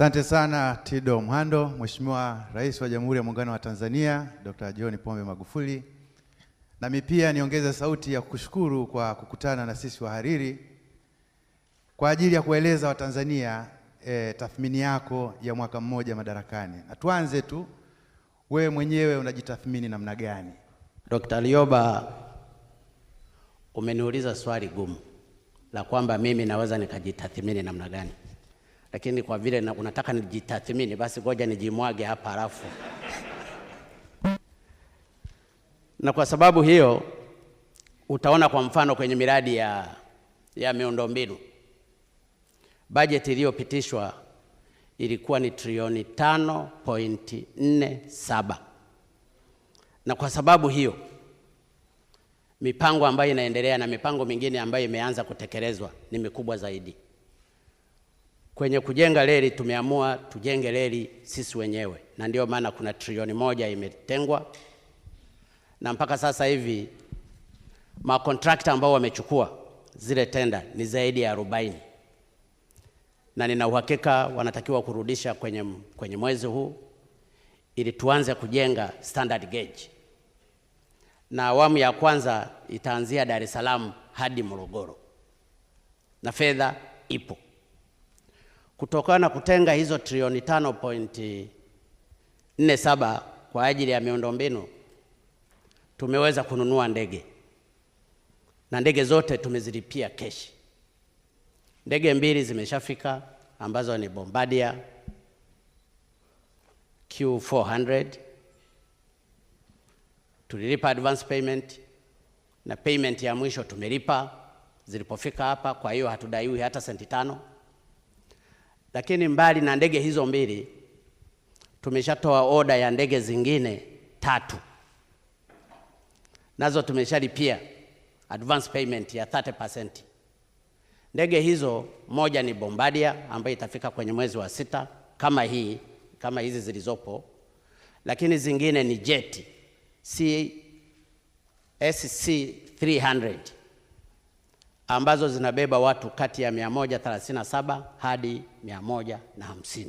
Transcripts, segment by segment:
Asante sana Tido Mhando, Mheshimiwa Rais wa Jamhuri ya Muungano wa Tanzania Dr. John Pombe Magufuli. Nami pia niongeze sauti ya kushukuru kwa kukutana na sisi wahariri kwa ajili ya kueleza Watanzania e, tathmini yako ya mwaka mmoja madarakani. Na tuanze tu, wewe mwenyewe unajitathmini namna gani? Dr. Lioba, umeniuliza swali gumu la kwamba mimi naweza nikajitathmini namna gani lakini kwa vile na, unataka nijitathmini, basi ngoja nijimwage hapa halafu. Na kwa sababu hiyo utaona kwa mfano kwenye miradi ya, ya miundombinu bajeti iliyopitishwa ilikuwa ni trilioni 5.47 na kwa sababu hiyo mipango ambayo inaendelea na mipango mingine ambayo imeanza kutekelezwa ni mikubwa zaidi kwenye kujenga reli tumeamua tujenge reli sisi wenyewe, na ndio maana kuna trilioni moja imetengwa, na mpaka sasa hivi makontrakta ambao wamechukua zile tenda ni zaidi ya arobaini na nina uhakika wanatakiwa kurudisha kwenye, kwenye mwezi huu ili tuanze kujenga standard gauge, na awamu ya kwanza itaanzia Dar es Salaam hadi Morogoro na fedha ipo kutokana na kutenga hizo trilioni saba kwa ajili ya miundombinu, tumeweza kununua ndege na ndege zote tumezilipia keshi. Ndege mbili zimeshafika ambazo ni Bombardier Q400 tulilipa advance payment na payment ya mwisho tumelipa zilipofika hapa. Kwa hiyo hatudaiwi hata senti tano. Lakini mbali na ndege hizo mbili, tumeshatoa oda ya ndege zingine tatu, nazo tumeshalipia advance payment ya 30%. Ndege hizo moja ni Bombardier ambayo itafika kwenye mwezi wa sita kama hii kama hizi zilizopo, lakini zingine ni jeti CSC 300 ambazo zinabeba watu kati ya 137 hadi 150.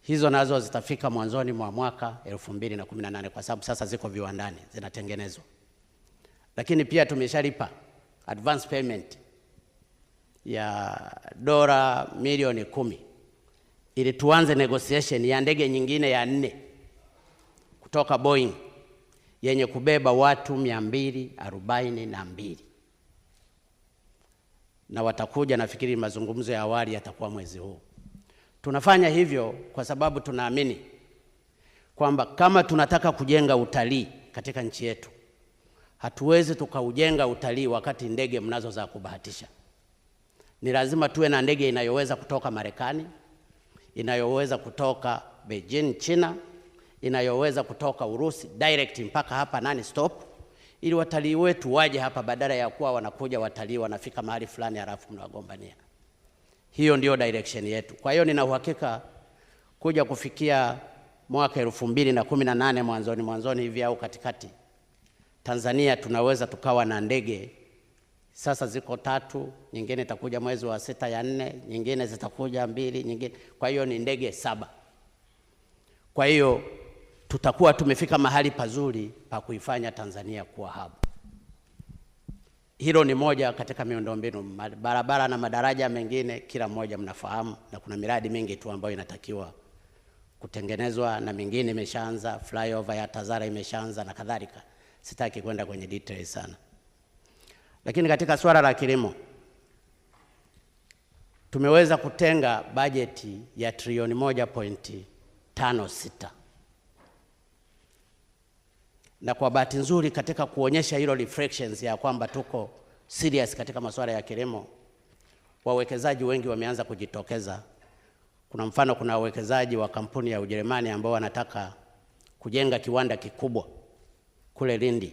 Hizo nazo zitafika mwanzoni mwa mwaka 2018 kwa sababu sasa ziko viwandani zinatengenezwa, lakini pia tumeshalipa advance payment ya dola milioni kumi ili tuanze negotiation ya ndege nyingine ya nne kutoka Boeing yenye kubeba watu mia na mbili na watakuja, nafikiri mazungumzo ya awali yatakuwa mwezi huu. Tunafanya hivyo kwa sababu tunaamini kwamba kama tunataka kujenga utalii katika nchi yetu, hatuwezi tukaujenga utalii wakati ndege mnazo za kubahatisha. Ni lazima tuwe na ndege inayoweza kutoka Marekani, inayoweza kutoka Beijing China, inayoweza kutoka Urusi direct mpaka hapa nani stop ili watalii wetu waje hapa, badala ya kuwa wanakuja watalii wanafika mahali fulani halafu mnawagombania. Hiyo ndio direction yetu. Kwa hiyo nina uhakika kuja kufikia mwaka elfu mbili na kumi na nane mwanzoni mwanzoni hivi au katikati, Tanzania tunaweza tukawa na ndege sasa ziko tatu, nyingine itakuja mwezi wa sita ya nne, nyingine zitakuja mbili, nyingine. Kwa hiyo ni ndege saba. Kwa hiyo tutakuwa tumefika mahali pazuri pa kuifanya Tanzania kuwa hub. Hilo ni moja katika miundombinu, barabara na madaraja mengine, kila mmoja mnafahamu, na kuna miradi mingi tu ambayo inatakiwa kutengenezwa na mingine imeshaanza, flyover ya Tazara imeshaanza na kadhalika. Sitaki kwenda kwenye details sana, lakini katika swala la kilimo tumeweza kutenga bajeti ya trilioni moja pointi tano sita na kwa bahati nzuri katika kuonyesha hilo reflections ya kwamba tuko serious katika masuala ya kilimo, wawekezaji wengi wameanza kujitokeza. Kuna mfano, kuna wawekezaji wa kampuni ya Ujerumani ambao wanataka kujenga kiwanda kikubwa kule Lindi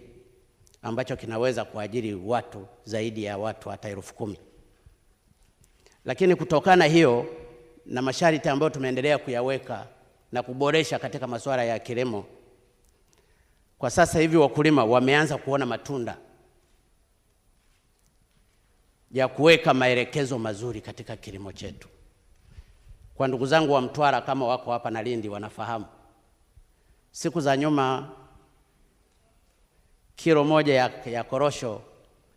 ambacho kinaweza kuajiri watu zaidi ya watu hata elfu kumi. Lakini kutokana hiyo na masharti ambayo tumeendelea kuyaweka na kuboresha katika masuala ya kilimo kwa sasa hivi wakulima wameanza kuona matunda ya kuweka maelekezo mazuri katika kilimo chetu. Kwa ndugu zangu wa Mtwara kama wako hapa na Lindi wanafahamu. Siku za nyuma kilo moja ya, ya korosho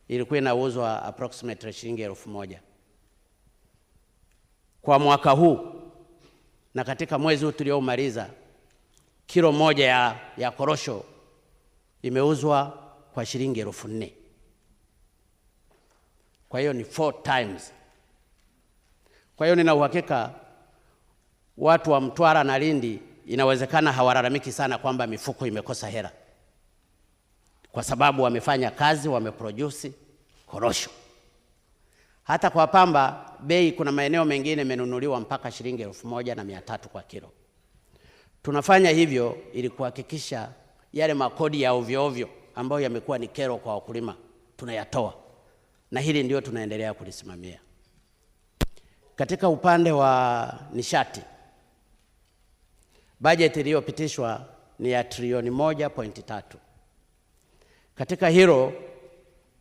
ilikuwa inauzwa approximately shilingi elfu moja kwa mwaka huu na katika mwezi huu tuliomaliza kilo moja ya, ya korosho imeuzwa kwa shilingi elfu nne. Kwa hiyo ni four times. Kwa hiyo nina uhakika watu wa Mtwara na Lindi inawezekana hawalalamiki sana kwamba mifuko imekosa hela, kwa sababu wamefanya kazi, wameproduce korosho. Hata kwa pamba bei, kuna maeneo mengine imenunuliwa mpaka shilingi elfu moja na mia tatu kwa kilo. Tunafanya hivyo ili kuhakikisha yale makodi ya ovyo ovyo ambayo yamekuwa ni kero kwa wakulima tunayatoa, na hili ndio tunaendelea kulisimamia. Katika upande wa nishati, bajeti iliyopitishwa ni ya trilioni moja pointi tatu. Katika hilo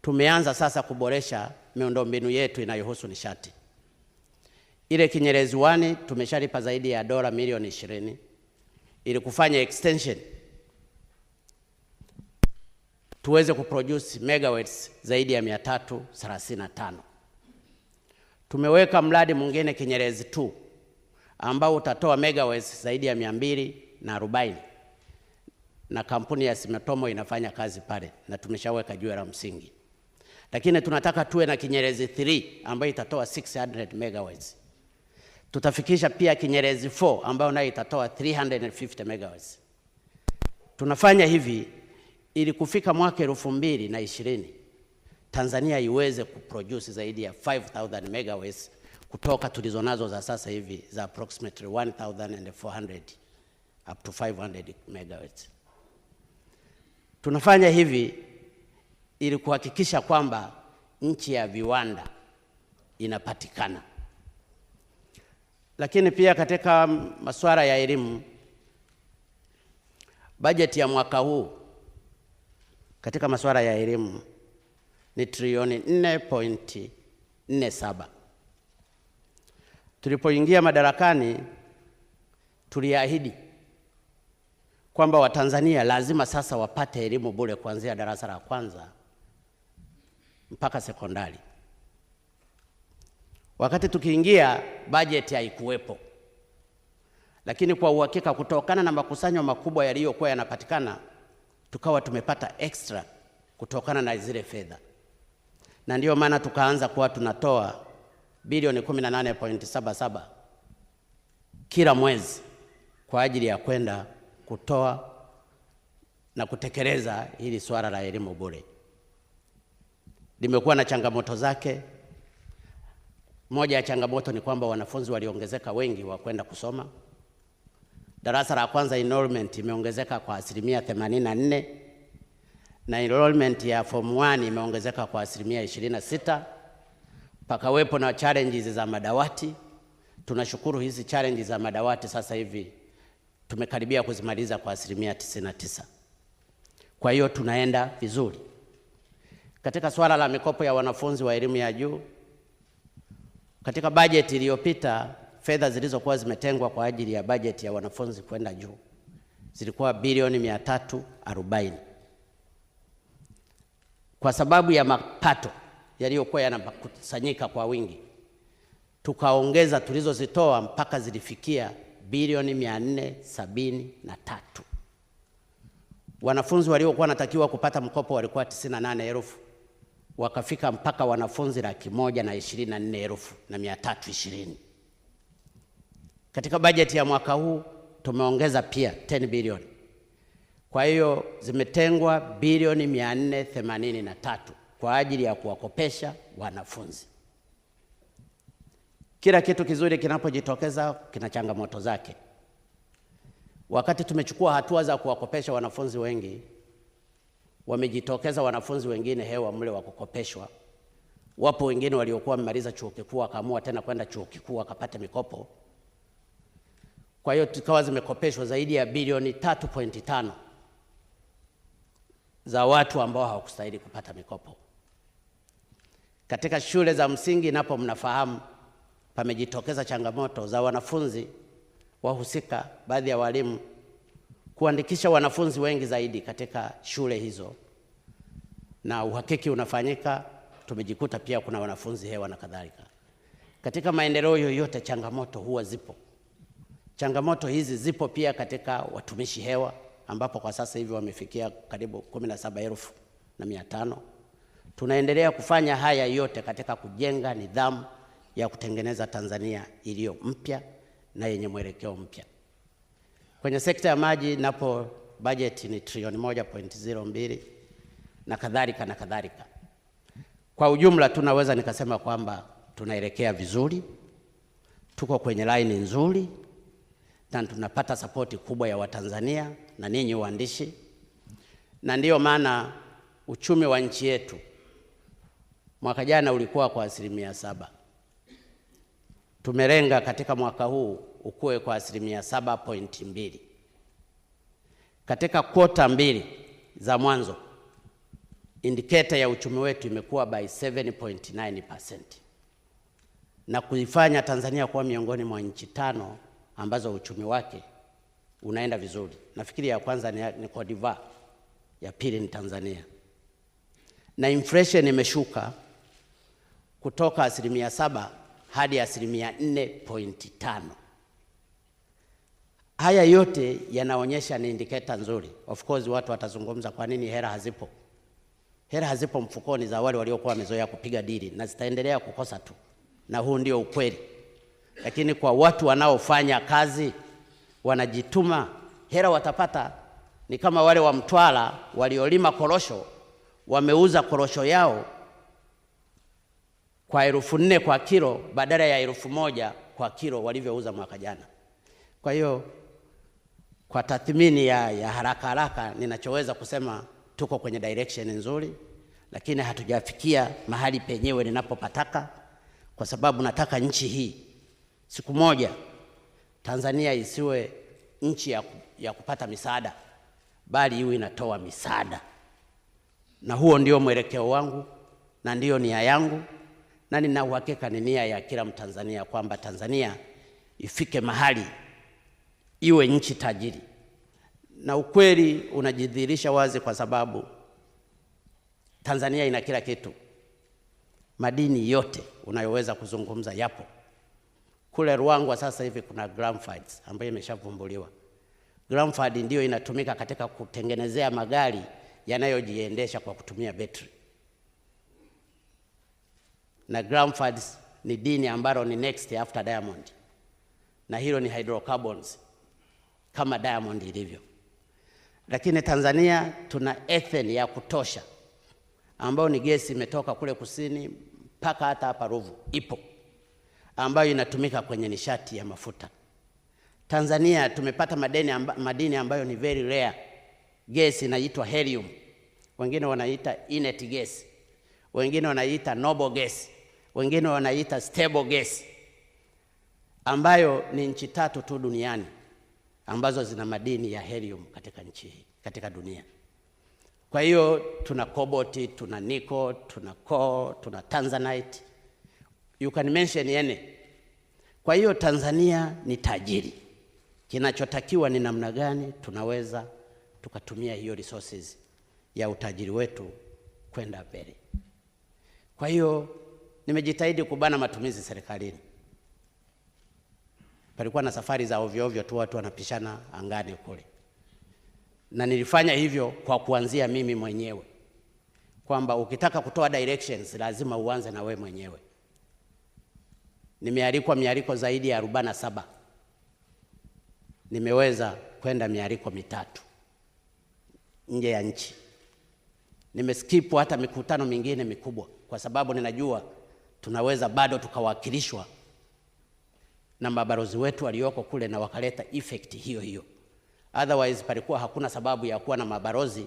tumeanza sasa kuboresha miundombinu yetu inayohusu nishati. Ile Kinyerezi wani tumeshalipa zaidi ya dola milioni ishirini ili kufanya extension tuweze kuproduce megawatts zaidi ya 335. Tumeweka mradi mwingine Kinyerezi 2 ambao utatoa megawatts zaidi ya 240 na kampuni ya Sumitomo inafanya kazi pale na tumeshaweka jiwe la msingi, lakini tunataka tuwe na Kinyerezi 3 ambayo itatoa 600 megawatts. Tutafikisha pia Kinyerezi 4 ambayo nayo itatoa 350 megawatts. Tunafanya hivi ili kufika mwaka elfu mbili na ishirini Tanzania iweze kuproduce zaidi ya 5000 megawatts kutoka tulizonazo za sasa hivi za approximately 1400 up to 500 megawatts. Tunafanya hivi ili kuhakikisha kwamba nchi ya viwanda inapatikana. Lakini pia katika masuala ya elimu, bajeti ya mwaka huu katika masuala ya elimu ni trilioni 4.47. Tulipoingia madarakani tuliahidi kwamba Watanzania lazima sasa wapate elimu bure kuanzia darasa la kwanza mpaka sekondari. Wakati tukiingia bajeti haikuwepo, lakini kwa uhakika kutokana na makusanyo makubwa yaliyokuwa yanapatikana tukawa tumepata extra kutokana na zile fedha, na ndiyo maana tukaanza kuwa tunatoa bilioni 18.77 kila mwezi kwa ajili ya kwenda kutoa na kutekeleza hili swala la elimu bure. Limekuwa na changamoto zake. Moja ya changamoto ni kwamba wanafunzi waliongezeka wengi wa kwenda kusoma. Darasa la kwanza enrollment imeongezeka kwa asilimia 84 na enrollment ya form 1 imeongezeka kwa asilimia 26. Pakawepo na challenges za madawati. Tunashukuru hizi challenges za madawati sasa hivi tumekaribia kuzimaliza kwa asilimia 99. Kwa hiyo tunaenda vizuri katika suala la mikopo ya wanafunzi wa elimu ya juu. Katika bajeti iliyopita fedha zilizokuwa zimetengwa kwa ajili ya bajeti ya wanafunzi kwenda juu zilikuwa bilioni mia tatu arobaini kwa sababu ya mapato yaliyokuwa yanakusanyika kwa wingi, tukaongeza tulizozitoa mpaka zilifikia bilioni mia nne sabini na tatu. Wanafunzi waliokuwa wanatakiwa kupata mkopo walikuwa tisini na nane elfu wakafika mpaka wanafunzi laki moja na ishirini na nne elfu na mia tatu ishirini. Katika bajeti ya mwaka huu tumeongeza pia 10 bilioni. Kwa hiyo zimetengwa bilioni 483 kwa ajili ya kuwakopesha wanafunzi. Kila kitu kizuri kinapojitokeza kina changamoto zake. Wakati tumechukua hatua za kuwakopesha wanafunzi wengi, wamejitokeza wanafunzi wengine hewa mle wa kukopeshwa. Wapo wengine waliokuwa wamemaliza chuo kikuu wakaamua tena kwenda chuo kikuu wakapata mikopo kwa hiyo tukawa zimekopeshwa zaidi ya bilioni 3.5 za watu ambao hawakustahili kupata mikopo. Katika shule za msingi napo, mnafahamu pamejitokeza changamoto za wanafunzi wahusika, baadhi ya walimu kuandikisha wanafunzi wengi zaidi katika shule hizo, na uhakiki unafanyika. Tumejikuta pia kuna wanafunzi hewa na kadhalika. Katika maendeleo yoyote changamoto huwa zipo. Changamoto hizi zipo pia katika watumishi hewa ambapo kwa sasa hivi wamefikia karibu 17,500. Tunaendelea kufanya haya yote katika kujenga nidhamu ya kutengeneza Tanzania iliyo mpya na yenye mwelekeo mpya. Kwenye sekta ya maji napo bajeti ni trilioni 1.02 na kadhalika na kadhalika. Kwa ujumla, tunaweza nikasema kwamba tunaelekea vizuri, tuko kwenye laini nzuri na tunapata sapoti kubwa ya Watanzania na ninyi waandishi, na ndiyo maana uchumi wa nchi yetu mwaka jana ulikuwa kwa asilimia saba. Tumelenga katika mwaka huu ukue kwa asilimia saba pointi mbili. Katika kota mbili za mwanzo indiketa ya uchumi wetu imekuwa by 7.9% na kuifanya Tanzania kuwa miongoni mwa nchi tano ambazo uchumi wake unaenda vizuri. Nafikiri ya kwanza ni, ni Cote d'Ivoire, ya pili ni Tanzania, na inflation imeshuka kutoka asilimia saba hadi asilimia nne pointi tano. Haya yote yanaonyesha ni indiketa nzuri. Of course watu watazungumza kwa nini hela hazipo. Hela hazipo mfukoni za wale waliokuwa wamezoea kupiga dili, na zitaendelea kukosa tu, na huu ndio ukweli lakini kwa watu wanaofanya kazi wanajituma, hela watapata. Ni kama wale wa Mtwara waliolima korosho, wameuza korosho yao kwa elfu nne kwa kilo badala ya elfu moja kwa kilo walivyouza mwaka jana. Kwa hiyo kwa tathmini ya, ya haraka haraka, ninachoweza kusema tuko kwenye direction nzuri, lakini hatujafikia mahali penyewe ninapopataka, kwa sababu nataka nchi hii Siku moja Tanzania isiwe nchi ya, ya kupata misaada, bali iwe inatoa misaada. Na huo ndio mwelekeo wangu na ndiyo nia yangu, na nina uhakika ni nia ya kila Mtanzania kwamba Tanzania ifike mahali iwe nchi tajiri, na ukweli unajidhihirisha wazi kwa sababu Tanzania ina kila kitu. Madini yote unayoweza kuzungumza yapo. Kule Ruangwa sasa hivi kuna Gramfields ambayo imeshavumbuliwa. Gramfield ndiyo inatumika katika kutengenezea magari yanayojiendesha kwa kutumia betri, na Gramfields ni dini ambalo ni next after diamond, na hilo ni hydrocarbons kama diamond ilivyo. Lakini Tanzania tuna ethane ya kutosha ambayo ni gesi imetoka kule kusini mpaka hata hapa Ruvu ipo ambayo inatumika kwenye nishati ya mafuta. Tanzania tumepata madini, amba, madini ambayo ni very rare. Gesi inaitwa helium, wengine wanaita inert gas, wengine wanaita noble gas, wengine wanaita stable gas, ambayo ni nchi tatu tu duniani ambazo zina madini ya helium katika nchi hii, katika dunia. Kwa hiyo tuna cobalt, tuna nickel, tuna coal, tuna tanzanite you can mention any. Kwa hiyo Tanzania ni tajiri, kinachotakiwa ni namna gani tunaweza tukatumia hiyo resources ya utajiri wetu kwenda mbele. Kwa hiyo nimejitahidi kubana matumizi serikalini. Palikuwa na safari za ovyo ovyo tu, watu wanapishana angani kule, na nilifanya hivyo kwa kuanzia mimi mwenyewe, kwamba ukitaka kutoa directions lazima uanze na we mwenyewe. Nimealikwa mialiko zaidi ya arobaini na saba. Nimeweza kwenda mialiko mitatu nje ya nchi. Nimeskipu hata mikutano mingine mikubwa, kwa sababu ninajua tunaweza bado tukawakilishwa na mabalozi wetu walioko kule na wakaleta effect hiyo hiyo. Otherwise palikuwa hakuna sababu ya kuwa na mabalozi,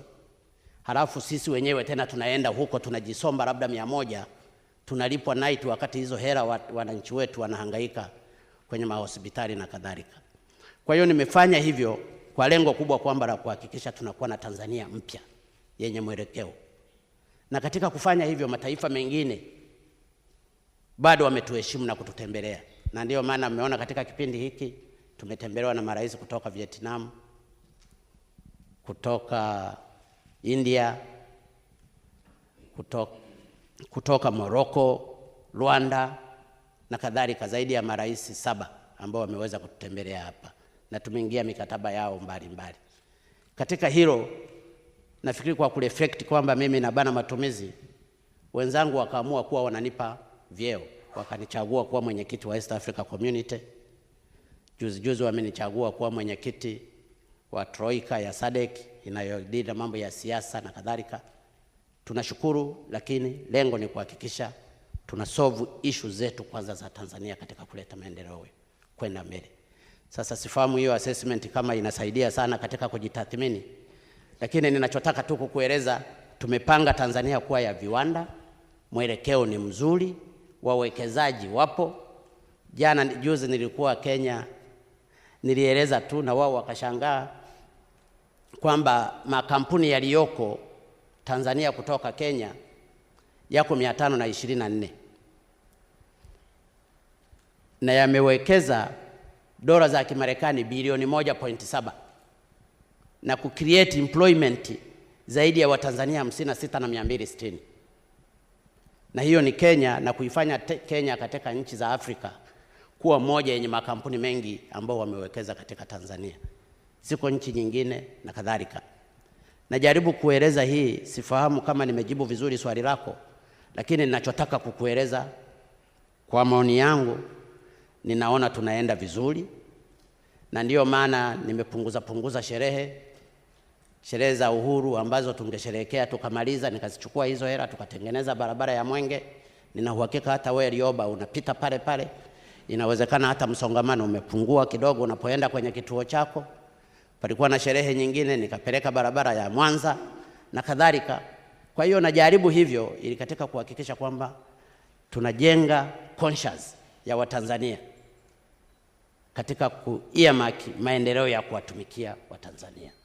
halafu sisi wenyewe tena tunaenda huko tunajisomba labda mia moja tunalipwa night, wakati hizo hela wananchi wetu wanahangaika kwenye mahospitali na kadhalika. Kwa hiyo nimefanya hivyo kwa lengo kubwa kwamba la kuhakikisha tunakuwa na Tanzania mpya yenye mwelekeo, na katika kufanya hivyo mataifa mengine bado wametuheshimu na kututembelea, na ndiyo maana mmeona katika kipindi hiki tumetembelewa na marais kutoka Vietnam, kutoka India, kutoka kutoka Moroko, Rwanda na kadhalika, zaidi ya marais saba ambao wameweza kututembelea hapa na tumeingia mikataba yao mbalimbali mbali. Katika hilo nafikiri kwa kureflect kwamba mimi nabana matumizi, wenzangu wakaamua kuwa wananipa vyeo, wakanichagua kuwa mwenyekiti wa East Africa Community. Juzi juzi wamenichagua kuwa mwenyekiti wa troika ya SADC inayodili na mambo ya siasa na kadhalika. Tunashukuru, lakini lengo ni kuhakikisha tunasolve issue zetu kwanza za Tanzania katika kuleta maendeleo kwenda mbele. Sasa sifahamu hiyo assessment kama inasaidia sana katika kujitathmini, lakini ninachotaka tu kukueleza, tumepanga Tanzania kuwa ya viwanda, mwelekeo ni mzuri, wawekezaji wapo. Jana juzi nilikuwa Kenya, nilieleza tu na wao wakashangaa kwamba makampuni yaliyoko Tanzania kutoka Kenya yako mia na na nne na yamewekeza dola za Kimarekani bilioni 1.7 na kucreate employment zaidi ya Watanzania hamsini na sita na mia mbili na hiyo ni Kenya na kuifanya Kenya katika nchi za Afrika kuwa moja yenye makampuni mengi ambao wamewekeza katika Tanzania, siko nchi nyingine na kadhalika. Najaribu kueleza hii, sifahamu kama nimejibu vizuri swali lako, lakini ninachotaka kukueleza kwa maoni yangu, ninaona tunaenda vizuri, na ndiyo maana nimepunguza punguza sherehe sherehe za uhuru ambazo tungesherehekea tukamaliza, nikazichukua hizo hela tukatengeneza barabara ya Mwenge. Nina uhakika hata wewe Lioba unapita pale pale, inawezekana hata msongamano umepungua kidogo unapoenda kwenye kituo chako palikuwa na sherehe nyingine, nikapeleka barabara ya Mwanza na kadhalika. Kwa hiyo najaribu hivyo, ili katika kuhakikisha kwamba tunajenga conscious ya Watanzania katika kuiamaki maendeleo ya kuwatumikia Watanzania.